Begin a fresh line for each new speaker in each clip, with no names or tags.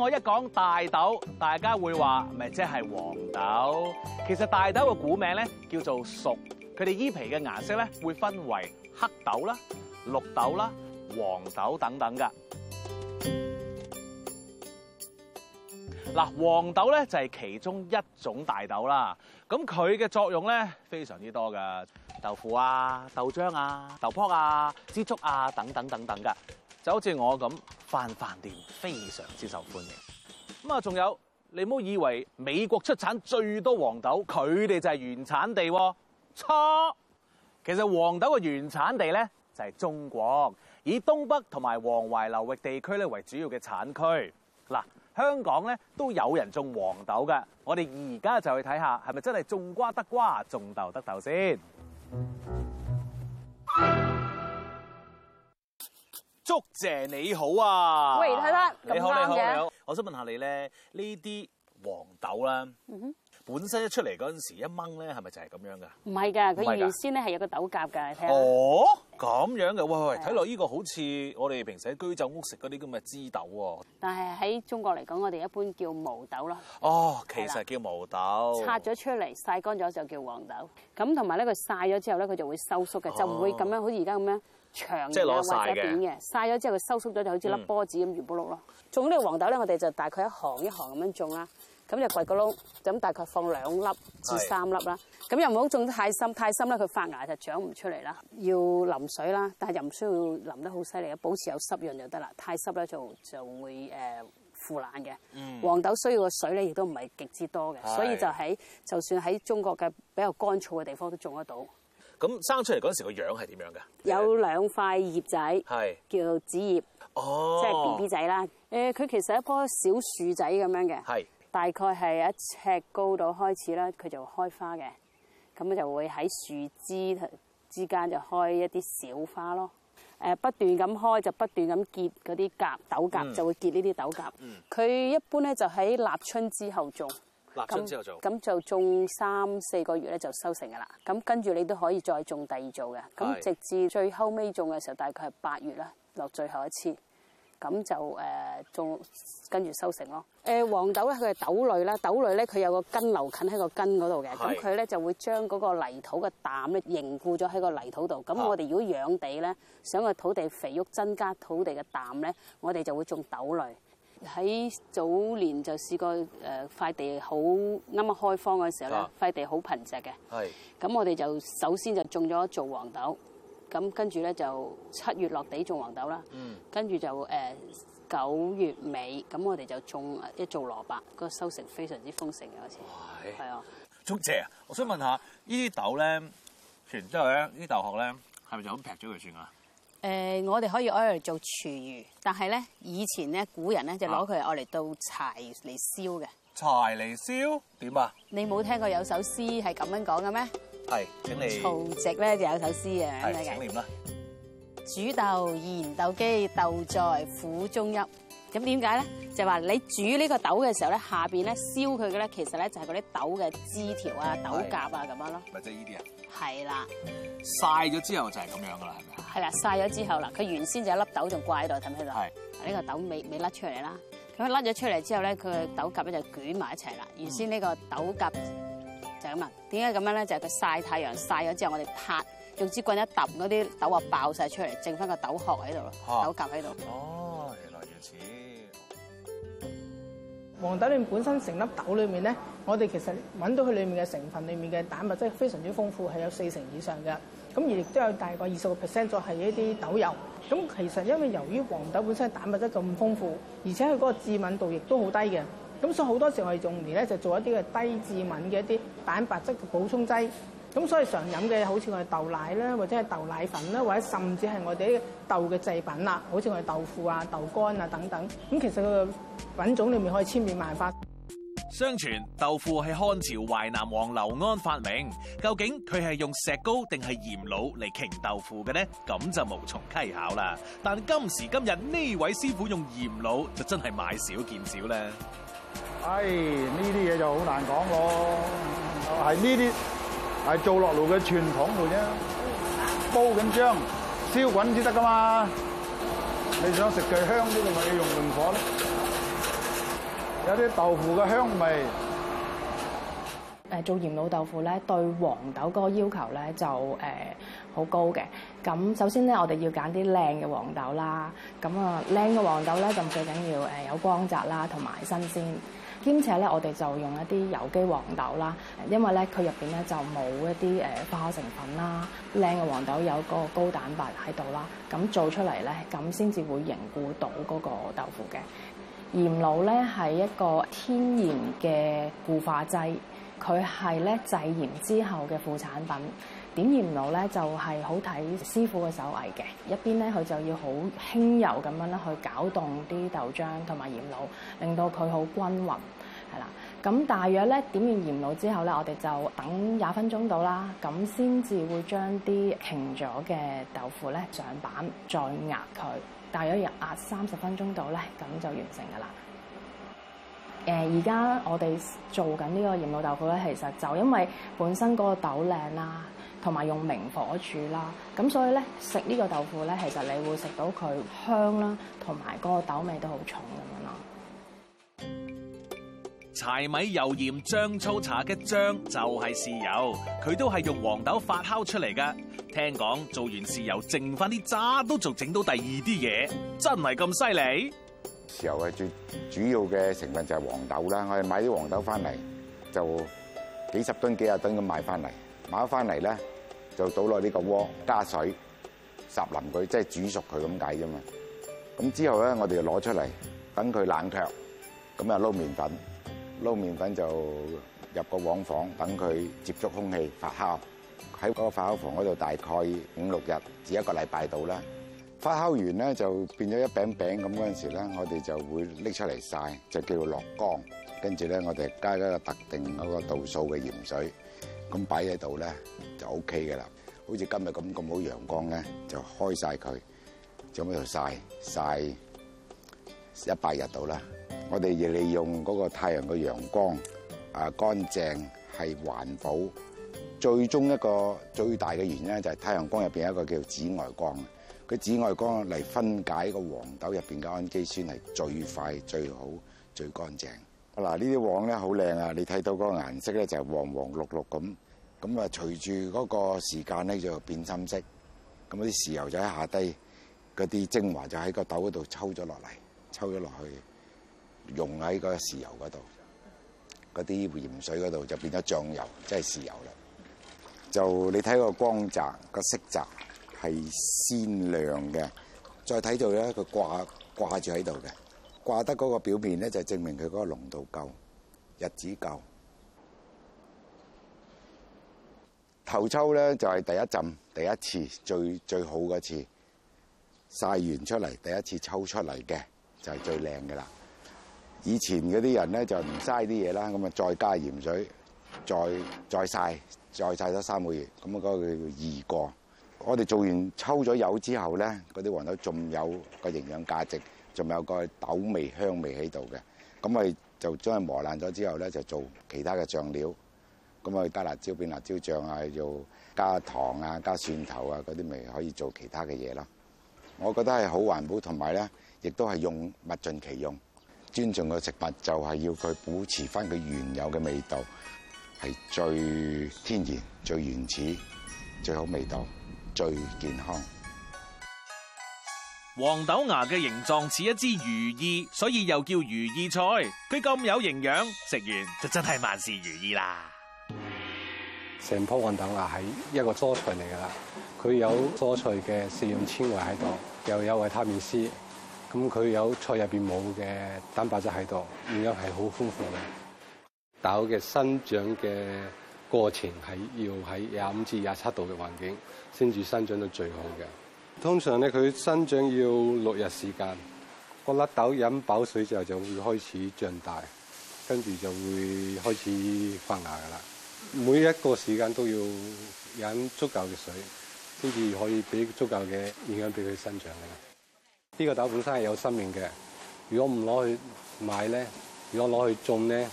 我一講大豆，大家會話咪即係黃豆。其實大豆嘅古名咧叫做菽。佢哋衣皮嘅顏色咧會分為黑豆啦、綠豆啦、黃豆等等噶。嗱，黃豆咧就係其中一種大豆啦。咁佢嘅作用咧非常之多噶，豆腐啊、豆漿啊、豆粕啊、枝竹啊等等等等噶。就好似我咁返飯店非常之受歡迎。咁啊，仲有，你唔好以為美國出產最多黃豆，佢哋就係原產地。錯，其實黃豆嘅原產地呢，就係中國，以東北同埋黃淮流域地區呢為主要嘅產區。嗱，香港呢都有人種黃豆嘅。我哋而家就去睇下係咪真係種瓜得瓜，種豆得豆先。祝姐你好啊！喂，睇啦！你好你好，你好，我想問下你咧，呢啲黃豆啦，mm hmm. 本身一出嚟嗰陣時一掹咧，係咪就係咁樣噶
唔係噶，佢原先咧，係有個豆莢噶，睇
下。哦，咁樣嘅，喂喂，睇落呢個好似我哋平時喺居酒屋食嗰啲咁嘅枝豆喎。
但係喺中國嚟講，我哋一般叫毛豆咯。
哦，其實叫毛豆。了拆
咗出嚟，曬乾咗就叫黃豆。咁同埋咧，佢曬咗之後咧，佢就會收縮嘅，就唔會咁樣，哦、好似而家咁樣。長嘅或者扁嘅，曬咗之後佢收縮咗就好似粒波子咁圓咕碌咯。種、嗯、呢個黃豆咧，我哋就大概一行一行咁樣種啦。咁就掘個窿，咁大概放兩粒至三粒啦。咁又唔好種得太深，太深咧佢發芽就長唔出嚟啦。要淋水啦，但係又唔需要淋得好犀利，保持有濕潤就得啦。太濕咧就就會誒、呃、腐爛嘅。嗯、黃豆需要嘅水咧，亦都唔係極之多嘅，所以就喺就算喺中國嘅比較乾燥嘅地方都種得到。
咁生
出嚟嗰陣時個樣係點樣嘅？有兩塊葉仔，係
叫做子葉，即係 BB 仔
啦。誒，佢其實係一樖小樹仔咁樣嘅，是大概係一尺高度開始啦，佢就開花嘅。咁就會喺樹枝之間就開一啲小花咯。誒、呃，不斷咁開就不斷咁結嗰啲莢豆莢，嗯、就會結呢啲豆莢。佢、嗯、一般咧就喺立春之後種。
咁之後做，咁
就種三四個月咧就收成㗎啦。咁跟住你都可以再種第二造嘅，咁是的 直至最後尾種嘅時候大概係八月啦，落最後一次，咁就誒、呃、種跟住收成咯。誒、呃、黃豆咧，佢係豆類啦，豆類咧佢有個根瘤菌喺個根嗰度嘅，咁佢咧就會將嗰個泥土嘅氮咧凝固咗喺個泥土度。咁我哋如果養地咧是的 想個土地肥沃，增加土地嘅氮咧，我哋就會種豆類。喺早年就試過誒塊地好啱啱開荒嘅時候咧，塊、啊、地好貧瘠嘅。咁係我哋就首先就種咗做黃豆，咁跟住咧就七月落地種黃豆啦。嗯。跟住就、呃、九月尾，咁我哋就種一做蘿蔔，個收成非常之豐盛嘅嗰次。係。係啊。
聰姐啊！我想問下，呢啲豆咧，完之後咧，呢啲豆殼咧，係咪就咁劈咗佢算啊？
誒，我哋可以攞嚟做廚餘，但係咧以前咧古人咧就攞佢嚟攞嚟做柴嚟燒嘅。
柴嚟燒點啊？
你冇聽過有首詩係咁樣講嘅咩？係，請嚟。曹植咧就有首詩嘅，係是的請念啦。煮豆燃豆萁，豆在釜中泣。咁點解咧？就話、是、你煮呢個豆嘅時候咧，下邊咧燒佢嘅咧，其實咧就係嗰啲豆嘅枝條啊、的豆莢啊咁樣咯。咪即係呢啲啊？係啦，是了
曬咗之後就係咁樣
噶啦，係咪啊？係啦，曬咗之後啦，佢原先就一粒豆仲掛喺度，氹喺度。睇唔睇到？係。呢個豆未未甩出嚟啦，佢甩咗出嚟之後咧，佢嘅豆莢咧就捲埋一齊啦。原先呢個豆莢就咁啊，點解咁樣咧？就係、是、佢曬太陽曬咗之後我們，我哋拍用支棍一揼，嗰啲豆啊爆晒出嚟，
剩翻個豆殼喺度咯，
的豆莢喺度。哦，
原來如此。
黃豆你本身成粒豆裡面咧。我哋其實揾到佢裏面嘅成分，裏面嘅蛋白質非常之豐富，係有四成以上嘅。咁而亦都有大概二十個 percent 左右係一啲豆油。咁其實因為由於黃豆本身嘅蛋白質咁豐富，而且佢個致敏度亦都好低嘅。咁所以好多時我哋用嚟咧就做一啲嘅低致敏嘅一啲蛋白質嘅補充劑。咁所以常飲嘅好似我哋豆奶啦，或者係豆奶粉啦，或者甚至係我哋啲豆嘅製品啦，好似我哋豆腐啊、豆乾啊等等。咁其實佢個品種裡面可以千變萬化。
相傳豆腐係漢朝淮南王劉安發明，究竟佢係用石膏定係鹽滷嚟凝豆腐嘅咧？咁就無從稽考啦。但今時今日呢位師傅用鹽滷就真係買少見少
啦。唉，呢啲嘢就好難講咯。係呢啲係做落爐嘅傳統度啫，煲緊漿燒滾至得噶嘛。你想食嘅香啲，咪要用明火咧。有啲豆腐嘅香
味。誒做鹽老豆腐咧，對黃豆嗰個要求咧就誒好高嘅。咁首先咧，我哋要揀啲靚嘅黃豆啦。咁啊，靚嘅黃豆咧就最緊要誒有光澤啦，同埋新鮮。兼且咧，我哋就用一啲有機黃豆啦，因為咧佢入邊咧就冇一啲誒化學成分啦。靚嘅黃豆有嗰個高蛋白喺度啦，咁做出嚟咧，咁先至會凝固到嗰個豆腐嘅。鹽滷咧係一個天然嘅固化劑，佢係咧製鹽之後嘅副產品。點鹽滷咧就係好睇師傅嘅手藝嘅，一邊咧佢就要好輕柔咁樣啦去攪動啲豆漿同埋鹽滷，令到佢好均勻，係啦。咁大約咧點完鹽滷之後咧，我哋就等廿分鐘到啦，咁先至會將啲凝咗嘅豆腐咧上板再壓佢。大約要壓三十分鐘度咧，咁就完成噶啦。誒，而家我哋做緊呢個鹽滷豆腐咧，其實就因為本身嗰個豆靚啦，同埋用明火煮啦，咁所以咧食呢個豆腐咧，其實你會食到佢香啦，同埋嗰個豆味都好重咁樣咯。
柴米油鹽醬醋茶嘅醬就係豉油，佢都係用黃豆發酵出嚟噶。聽講做完豉油，剩翻啲渣都仲整到第二啲嘢，真係咁犀利？
豉油係最主要嘅成分就係黃豆啦，我哋買啲黃豆翻嚟，就幾十噸幾十噸咁買翻嚟，買咗翻嚟咧，就倒落呢個鍋，加水烚淋佢，即係煮熟佢咁解啫嘛。咁之後咧，我哋就攞出嚟等佢冷卻，咁又撈麵粉，撈麵粉就入個黃房，等佢接觸空氣發酵。喺嗰個發酵房嗰度大概五六日至一個禮拜度啦，發酵完咧就變咗一餅餅咁，嗰陣時咧，我哋就會拎出嚟曬，就叫做落缸。跟住咧，我哋加咗一個特定嗰個度數嘅鹽水，咁擺喺度咧就 O K 嘅啦。好似今日咁咁好陽光咧，就開曬佢，就喺度曬曬一百日度啦。我哋利用嗰個太陽嘅陽光，啊乾淨係環保。最終一個最大嘅原因就係太陽光入邊有一個叫紫外光，佢紫外光嚟分解個黃豆入邊嘅氨基酸係最快、最好、最乾淨。嗱，呢啲黃咧好靚啊！你睇到嗰個顏色咧就係黃黃綠綠咁，咁啊隨住嗰個時間咧就變深色。咁啲豉油就喺下低，嗰啲精華就喺個豆嗰度抽咗落嚟，抽咗落去，溶喺個豉油嗰度，嗰啲鹽水嗰度就變咗醬油，即係豉油啦。就你睇個光澤、個色澤係鮮亮嘅，再睇到咧佢掛掛住喺度嘅掛得嗰個表面咧，就證明佢嗰個濃度夠日子夠。頭抽咧就係第一浸第一次最最好嗰次晒完出嚟第一次抽出嚟嘅就係、是、最靚㗎啦。以前嗰啲人咧就唔嘥啲嘢啦，咁啊再加鹽水再再晒。再晒咗三個月，咁啊嗰個叫二個。我哋做完抽咗油之後咧，嗰啲黃豆仲有個營養價值，仲有個豆味香味喺度嘅。咁我哋就將佢磨爛咗之後咧，就做其他嘅醬料。咁我哋加辣椒變辣椒醬啊，又加糖啊，加蒜頭啊，嗰啲咪可以做其他嘅嘢咯。我覺得係好環保，同埋咧，亦都係用物盡其用，尊重個食物，就係要佢保持翻佢原有嘅味道。係最天然、最原始、最好味道、最健康。
黃豆芽嘅形狀似一支如意，所以又叫如意菜。佢咁有營養，食完就真係萬事如意啦！
成樖黃豆芽係一個蔬菜嚟噶啦，佢有蔬菜嘅食用纖維喺度，又有維他命 C，咁佢有菜入邊冇嘅蛋白質喺度，營養係好豐富嘅。豆嘅生長嘅過程係要喺廿五至廿七度嘅環境先至生長到最好嘅。通常咧，佢生長要六日時間。個粒豆飲飽水之後就會開始脹大，跟住就會開始發芽噶啦。每一個時間都要飲足夠嘅水，先至可以俾足夠嘅影響俾佢生長嘅。呢、這個豆本身係有生命嘅。如果唔攞去買咧，如果攞去種咧，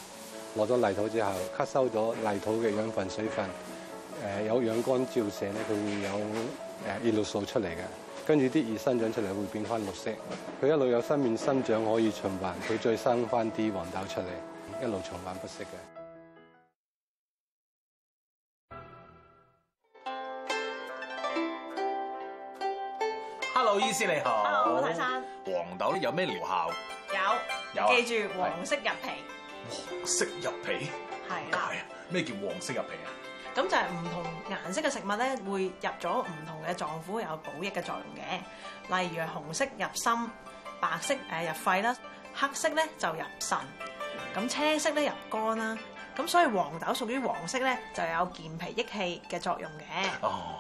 攞咗泥土之後，吸收咗泥土嘅養分、水分。誒有陽光照射咧，佢會有誒葉綠素出嚟嘅。跟住啲葉生長出嚟會變翻綠色。佢一路有新葉生長，可以循環，佢再生翻啲黃豆出嚟，一路循環不息嘅。
Hello，醫、e、師你好。Hello，泰山。黃豆咧有咩療效？有。有。記住、啊、黃色入皮。黃色入脾。係啊，係啊，咩叫黃色入脾啊？咁
就係唔同顏色嘅食物咧，會入咗唔同嘅臟腑，有補益嘅作用嘅。例如係紅色入心，白色誒入肺啦，黑色咧就入腎。咁青色咧入肝啦。咁所以黃豆屬於黃色咧，就有健脾益氣嘅作用嘅。哦。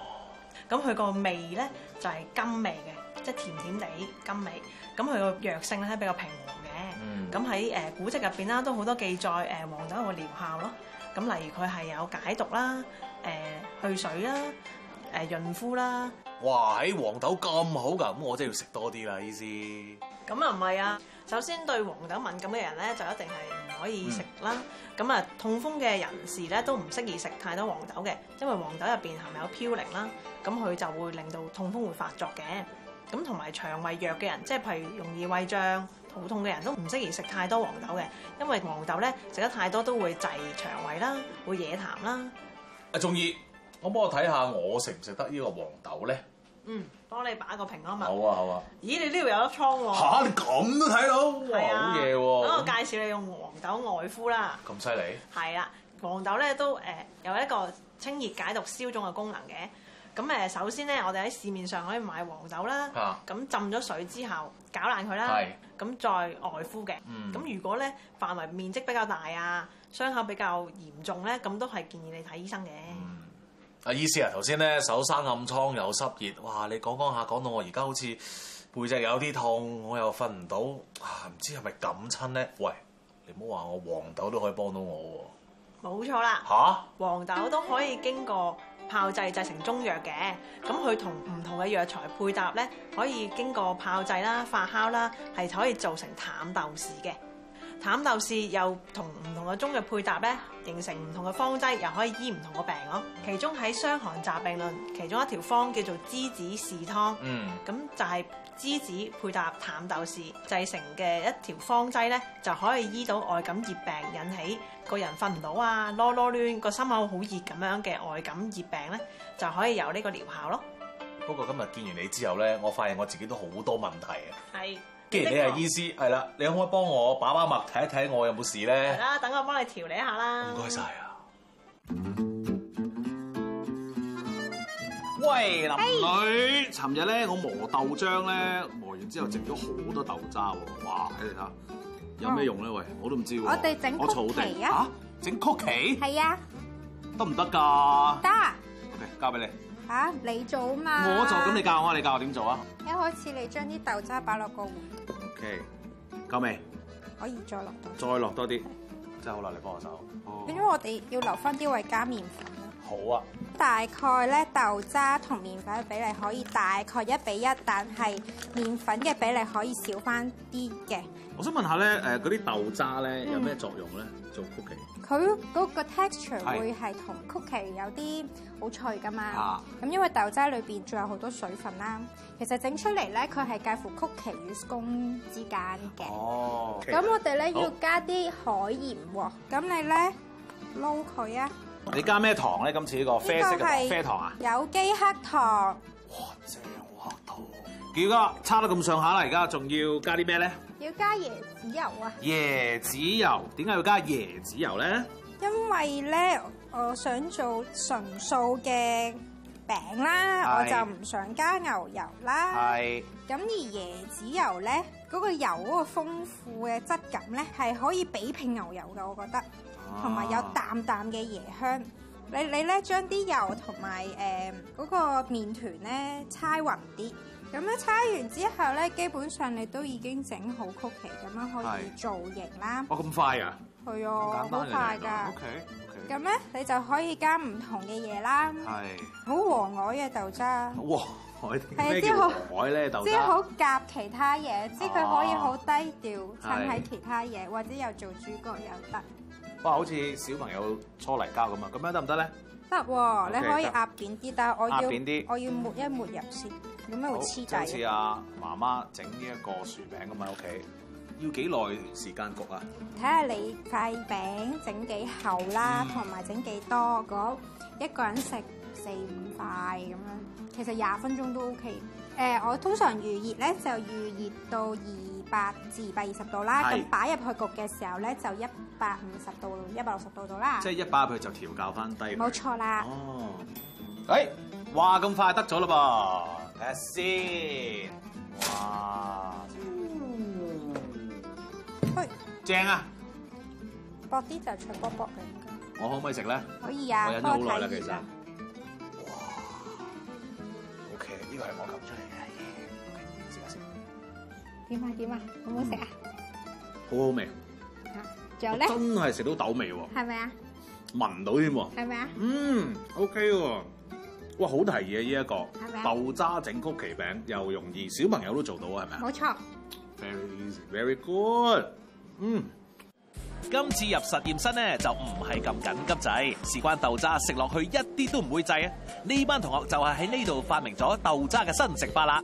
咁佢個味咧就係甘味嘅，即係甜甜地甘味。咁佢個藥性咧比較平和。咁喺誒古籍入邊啦，都好多記載誒黃豆嘅療效咯。咁例如佢係有解毒啦、誒去水啦、誒潤膚啦。
哇！喺黃豆咁好㗎，咁我真係要食多啲啦，意思。
咁啊唔係啊，首先對黃豆敏感嘅人咧，就一定係唔可以食啦。咁啊、嗯，痛風嘅人士咧都唔適宜食太多黃豆嘅，因為黃豆入邊含有嘌呤啦，咁佢就會令到痛風會發作嘅。咁同埋腸胃弱嘅人，即係譬如容易胃脹。普通嘅人都唔適宜食太多黃豆嘅，因為黃豆咧食得太多都會滯腸胃啦，會惹痰啦。
啊，仲二，我幫我睇下我食唔食得呢個黃豆咧？
嗯，幫你把一個平安脈嘛。好啊，好啊。咦，你呢度有粒瘡喎、啊？嚇、啊，你
咁都睇到，啊、好嘢喎、啊！咁我介
紹你用黃豆外敷啦。
咁犀利？
係啦、啊，黃豆咧都誒有一個清熱解毒、消腫嘅功能嘅。咁誒，首先咧，我哋喺市面上可以買黃豆啦。嚇、啊！咁浸咗水之後，攪爛佢啦。係是。咁再外敷嘅。嗯。咁如果咧範圍面積比較大啊，傷口比較嚴重咧，咁都係建議你睇醫生嘅。阿、嗯
啊、醫師啊，頭先咧手生暗瘡又濕熱，哇！你講講下講到我而家好似背脊有啲痛，我又瞓唔到，嚇唔知係咪咁親咧？喂，你唔好話我黃豆都可以幫到我喎。
冇錯啦。嚇、啊！黃豆都可以經過。炮製製成中藥嘅，咁佢同唔同嘅藥材配搭咧，可以經過炮製啦、發酵啦，係可以做成淡豆豉嘅。淡豆豉又和不同唔同嘅中藥配搭咧，形成唔同嘅方劑，又可以醫唔同嘅病咯。其中喺《傷寒雜病論》其中一條方叫做梔子豉湯，咁、嗯、就係、是。知子配搭淡豆豉製成嘅一條方劑咧，就可以醫到外感熱病引起個人瞓唔到啊，囉囉攣個心口好熱咁樣嘅外感熱病咧，就可以有呢個療效咯。
不過今日見完你之後咧，我發現我自己都好多問題啊。
係是。既然你係醫
師，係啦、嗯，你可唔可以幫我把把脈睇一睇我有冇事咧？係
啦，等我幫你調理一下啦。唔該
晒啊！喂，林女，尋日咧我磨豆漿咧，磨完之後整咗好多豆渣喎，哇！睇你睇，有咩用咧？喂，哦、我都唔知喎、啊。我哋整曲奇啊！整曲奇？係是啊，啊，得唔得噶？得。O K，交俾你。
嚇、啊，你做啊嘛？我做，咁
你教我啊？你教我點做啊？
一開始你將啲豆渣擺落個碗。O K，夠
未？可以，
可以再落多。
再落多啲。真好啦，你幫我手。咁因
為我哋要留翻啲位加麵粉好啊，大概咧豆渣同麵粉嘅比例可以大概一比一，但係麵粉嘅比例可以少翻啲嘅。
我想問下咧，誒嗰啲豆渣咧、嗯、有咩作用咧？做曲奇，
佢嗰個 texture 會係同曲奇有啲好脆噶嘛？咁、啊、因為豆渣裏邊仲有好多水分啦、啊，其實整出嚟咧佢係介乎曲奇與鬆之間嘅。
哦，咁我哋咧好要
加啲海鹽喎，咁你咧撈佢啊！
你加咩糖咧？今次呢個啡色嘅啡糖，
有機黑糖。哇，正
黑糖！杰哥，差得咁上下啦，而家仲要加啲咩咧？
要加椰子油啊！椰
子油，點解要加椰子油咧？
因為咧，我想做純素嘅餅啦，我就唔想加牛油啦。係。咁而椰子油咧，嗰個油個豐富嘅質感咧，係可以比拼牛油嘅，我覺得。同埋有淡淡嘅椰香，你你咧將啲油同埋誒嗰個麵團咧搓勻啲，咁樣搓完之後咧，基本上你都已經整好曲奇，咁樣可以造型啦。哦，咁快呀？係哦，好快㗎。O K 咁咧你就可以加唔同嘅嘢啦。係，好和藹嘅豆渣。
和藹，係咩叫和藹咧？豆渣。即係好
夾其他嘢，即係佢可以好低調襯喺其他嘢，或者又做主角又得。
哇，好似小朋友搓泥膠咁啊！咁樣得唔得咧？
得喎，你可以壓扁啲，但係我要壓扁啲，我要抹一抹入先，有咩會黐底？好似
阿媽媽整呢一個薯餅咁喺屋企。要幾耐時間焗啊？
睇下你塊餅整幾厚啦，同埋整幾多？如果一個人食四五塊咁樣，其實廿分鐘都 OK。誒、呃，我通常預熱咧就預熱到二百至二百二十度啦。咁擺入去焗嘅時候咧就一百五十度到一百六十度到啦。即
係一擺入去就調校翻低。冇錯啦。哦。誒、哎，哇！咁快得咗啦噃，睇下先。正啊，
薄啲就脆卜卜嘅。
我可唔可以食咧？可以啊，我忍咗好耐啦，其實。哇，OK，呢個係我撳出嚟嘅，食
下食，
點啊點啊，好唔好食啊？好
好味，仲有咧？真係
食到豆味喎。係
咪
啊？聞到添喎。係咪啊？嗯，OK 喎，哇、這個、好提議呢一個豆渣整曲奇餅又容易，小朋友都做到啊，係咪啊？冇錯，Very easy, very good。嗯，今次入實驗室呢就唔係咁緊急仔，事關豆渣食落去一啲都唔會滯啊！呢班同學就係喺呢度發明咗豆渣嘅新食法啦。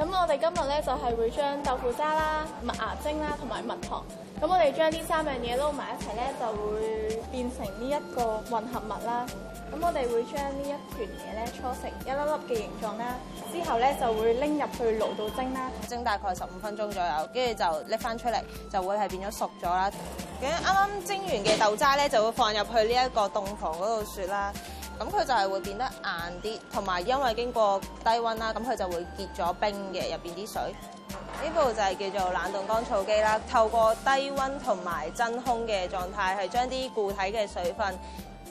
咁我哋今日咧就係會將豆腐渣啦、麥芽精啦、同埋蜜糖，咁我哋將這三東西混在一起呢三樣嘢撈埋一齊咧，就會變成呢一個混合物啦。咁我哋會將一團呢一團嘢咧搓成一粒粒嘅形狀啦，之後咧就會拎入去爐
度蒸啦，蒸大概十五分鐘左右，跟住就拎翻出嚟，就會係變咗熟咗啦。咁啱啱蒸完嘅豆渣咧，就會放入去呢一個凍房嗰度雪啦。咁佢就係會變得硬啲，同埋因為經過低温啦，咁佢就會結咗冰嘅入邊啲水。呢部就係叫做冷凍乾燥機啦，透過低温同埋真空嘅狀態，係將啲固體嘅水分，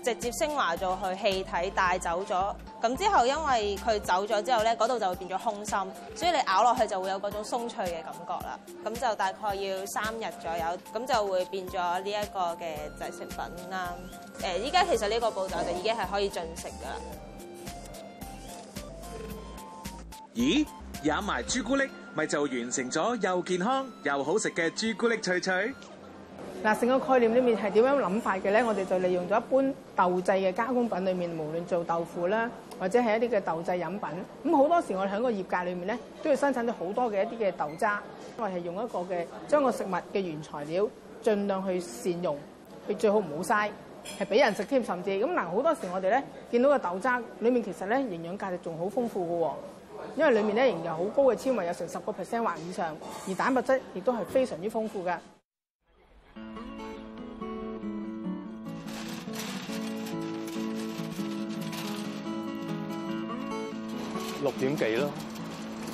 直接升華咗，佢氣體帶走咗，咁之後因為佢走咗之後咧，嗰度就會變咗空心，所以你咬落去就會有嗰種鬆脆嘅感覺啦。咁就大概要三日左右，咁就會變咗呢一個嘅製成品啦。誒，依家其實呢個步驟就已經係可以進食噶啦。
咦？飲埋朱古力，咪就完成咗又健康又好食嘅朱古力脆脆。
嗱，成個概念裏面係點樣諗法嘅咧？我哋就利用咗一般豆製嘅加工品裏面，無論做豆腐啦，或者係一啲嘅豆製飲品。咁好多時我哋喺個業界裏面咧，都要生產咗好多嘅一啲嘅豆渣，因為係用一個嘅將個食物嘅原材料儘量去善用，佢最好唔好嘥，係俾人食添。甚至咁嗱，好多時我哋咧見到個豆渣裏面其實咧營養價值仲好豐富嘅喎、哦，因為裡面咧含有好高嘅纖維，有成十個 percent 或以上，而蛋白質亦都係非常之豐富嘅。
六點幾咯？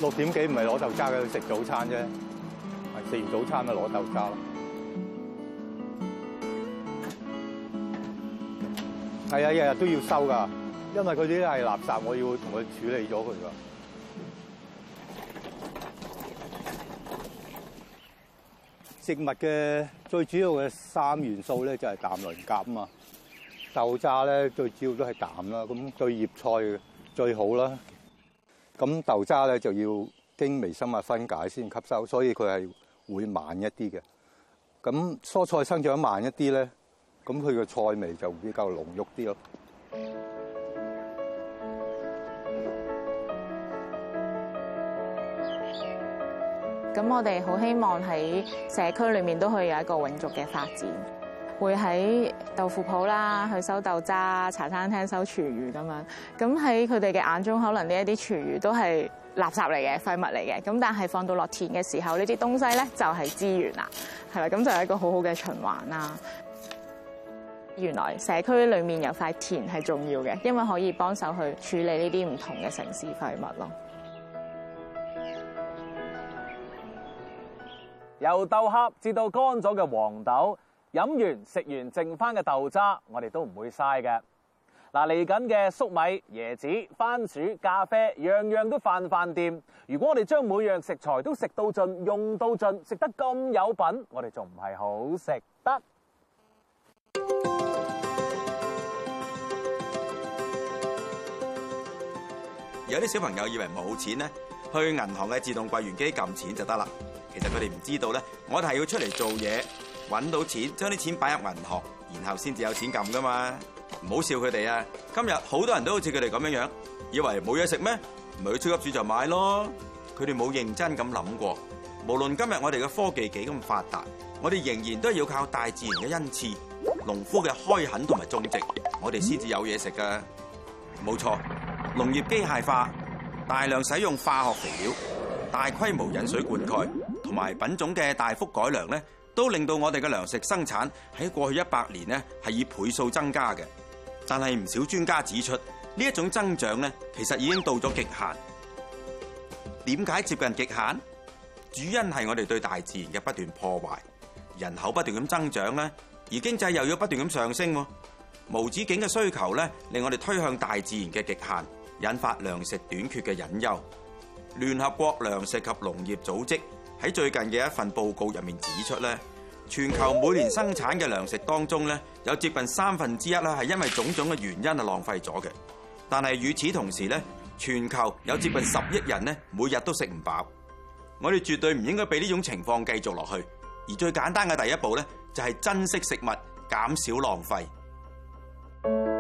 六點幾唔係攞豆渣去食早餐啫，食完早餐就攞豆渣咯。係啊，日日都要收噶，因為佢啲係垃圾，我要同佢處理咗佢噶。植物嘅最主要嘅三元素咧就係、是、氮磷、鉀啊嘛。豆渣咧最主要都係氮啦，咁對葉菜最好啦。咁豆渣咧就要經微生物分解先吸收，所以佢係會慢一啲嘅。咁蔬菜生長慢一啲咧，咁佢個菜味就比較濃郁啲咯。
咁我哋好希望喺社區裏面都可以有一個永續嘅發展。會喺豆腐鋪啦，去收豆渣，茶餐廳收廚餘咁樣。咁喺佢哋嘅眼中，可能呢一啲廚餘都係垃圾嚟嘅、廢物嚟嘅。咁但係放到落田嘅時候，呢啲東西咧就係資源啦，係啦，咁就係一個好好嘅循環啦。原來社區裏面有塊田係重要嘅，因為可以幫手去處理呢啲唔同嘅城市廢物咯。由豆殼至到乾咗嘅黃豆。
飲完食完剩翻嘅豆渣，我哋都唔會嘥嘅。嗱，嚟緊嘅粟米、椰子、番薯、咖啡，樣樣都翻飯飯店。如果我哋將每樣食材都食到盡、用到盡，食得咁有品，我哋仲唔係好食得？
有啲小朋友以為冇錢呢，去銀行嘅自動櫃員機撳錢就得啦。其實佢哋唔知道咧，我哋係要出嚟做嘢。搵到錢，將啲錢擺入銀行，然後先至有錢撳噶嘛。唔好笑佢哋啊！今日好多人都好似佢哋咁樣樣，以為冇嘢食咩？咪去超級市就買咯。佢哋冇認真咁諗過。無論今日我哋嘅科技幾咁發達，我哋仍然都要靠大自然嘅恩賜、農夫嘅開墾同埋種植，我哋先至有嘢食噶。冇錯，農業機械化、大量使用化學肥料、大規模引水灌溉同埋品種嘅大幅改良咧。都令到我哋嘅糧食生產喺過去一百年咧係以倍數增加嘅，但係唔少專家指出呢一種增長咧其實已經到咗極限。點解接近極限？主因係我哋對大自然嘅不斷破壞，人口不斷咁增長咧，而經濟又要不斷咁上升，無止境嘅需求咧令我哋推向大自然嘅極限，引發糧食短缺嘅隱憂。聯合國糧食及農業組織，喺最近嘅一份報告入面指出咧，全球每年生產嘅糧食當中咧，有接近三分之一啦，係因為種種嘅原因係浪費咗嘅。但係與此同時咧，全球有接近十億人咧，每日都食唔飽。我哋絕對唔應該俾呢種情況繼續落去。而最簡單嘅第一步咧，就係珍惜食物，減少浪費。